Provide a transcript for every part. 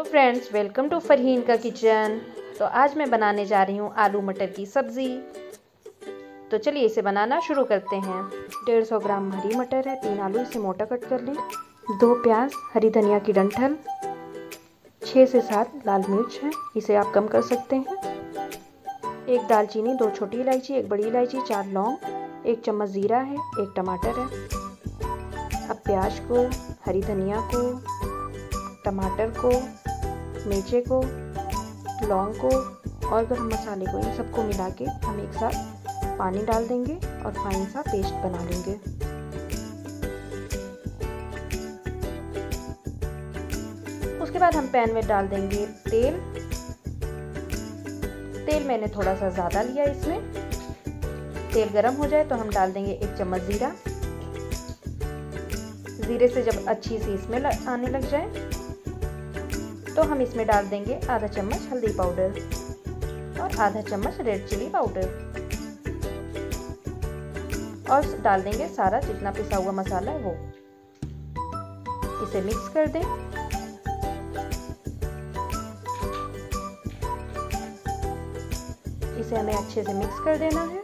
तो friends welcome to Farheen का kitchen तो आज मैं बनाने जा रही हूँ आलू मटर की सब्ज़ी तो चलिए इसे बनाना शुरू करते हैं डेढ़ सौ ग्राम हरी मटर है तीन आलू इसे मोटा कट कर लें दो प्याज हरी धनिया की डंठल छः से सात लाल मिर्च है इसे आप कम कर सकते हैं एक दालचीनी दो छोटी इलायची एक बड़ी इलायची चार लौंग एक चम्मच ज़ीरा है एक टमाटर है अब प्याज को हरी धनिया को टमाटर को मिर्चे को लौंग को और गर्म मसाले को इन सबको मिला के हम एक साथ पानी डाल देंगे और फाइन सा पेस्ट बना लेंगे उसके बाद हम पैन में डाल देंगे तेल तेल मैंने थोड़ा सा ज़्यादा लिया इसमें तेल गरम हो जाए तो हम डाल देंगे एक चम्मच ज़ीरा ज़ीरे से जब अच्छी सी इसमें आने लग जाए तो हम इसमें डाल देंगे आधा चम्मच हल्दी पाउडर और आधा चम्मच रेड चिली पाउडर और डाल देंगे सारा जितना पिसा हुआ मसाला है वो इसे मिक्स कर दें इसे हमें अच्छे से मिक्स कर देना है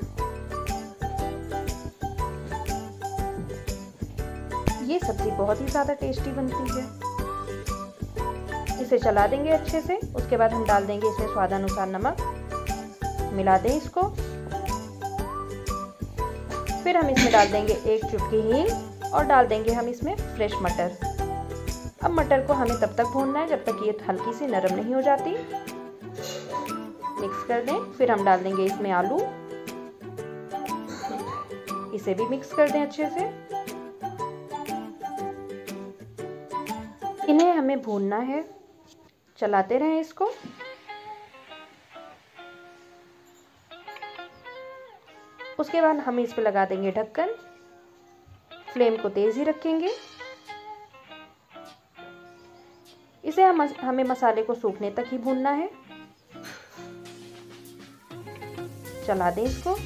ये सब्ज़ी बहुत ही ज़्यादा टेस्टी बनती है इसे चला देंगे अच्छे से उसके बाद हम डाल देंगे इसमें स्वादानुसार नमक मिला दें इसको फिर हम इसमें डाल देंगे एक चुटकी हींग और डाल देंगे हम इसमें फ्रेश मटर अब मटर को हमें तब तक भूनना है जब तक ये हल्की सी नरम नहीं हो जाती मिक्स कर दें फिर हम डाल देंगे इसमें आलू इसे भी मिक्स कर दें अच्छे से इन्हें हमें भूनना है चलाते रहें इसको उसके बाद हम इस पर लगा देंगे ढक्कन फ्लेम को तेज़ ही रखेंगे इसे हम हमें मसाले को सूखने तक ही भूनना है चला दें इसको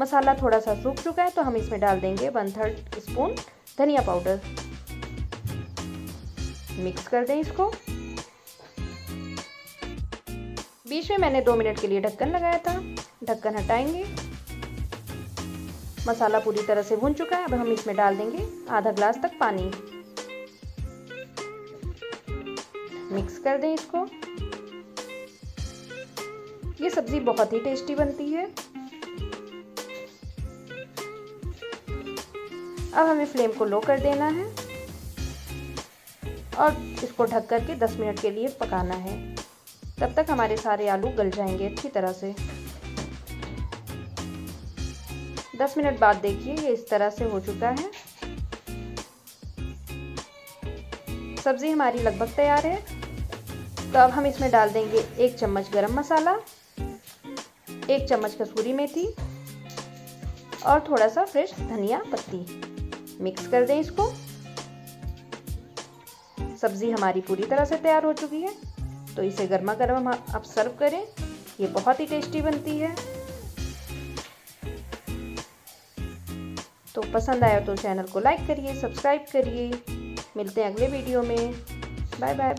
मसाला थोड़ा सा सूख चुका है तो हम इसमें डाल देंगे वन थर्ड स्पून धनिया पाउडर मिक्स कर दें इसको बीच में मैंने दो मिनट के लिए ढक्कन लगाया था ढक्कन हटाएंगे मसाला पूरी तरह से भुन चुका है अब हम इसमें डाल देंगे आधा ग्लास तक पानी मिक्स कर दें इसको ये सब्ज़ी बहुत ही टेस्टी बनती है अब हमें फ्लेम को लो कर देना है और इसको ढक कर के 10 मिनट के लिए पकाना है तब तक हमारे सारे आलू गल जाएंगे अच्छी तरह से 10 मिनट बाद देखिए ये इस तरह से हो चुका है सब्ज़ी हमारी लगभग तैयार है तो अब हम इसमें डाल देंगे एक चम्मच गरम मसाला एक चम्मच कसूरी मेथी और थोड़ा सा फ्रेश धनिया पत्ती मिक्स कर दें इसको सब्ज़ी हमारी पूरी तरह से तैयार हो चुकी है तो इसे गर्मा गर्म आप सर्व करें ये बहुत ही टेस्टी बनती है तो पसंद आया तो चैनल को लाइक करिए सब्सक्राइब करिए मिलते हैं अगले वीडियो में बाय बाय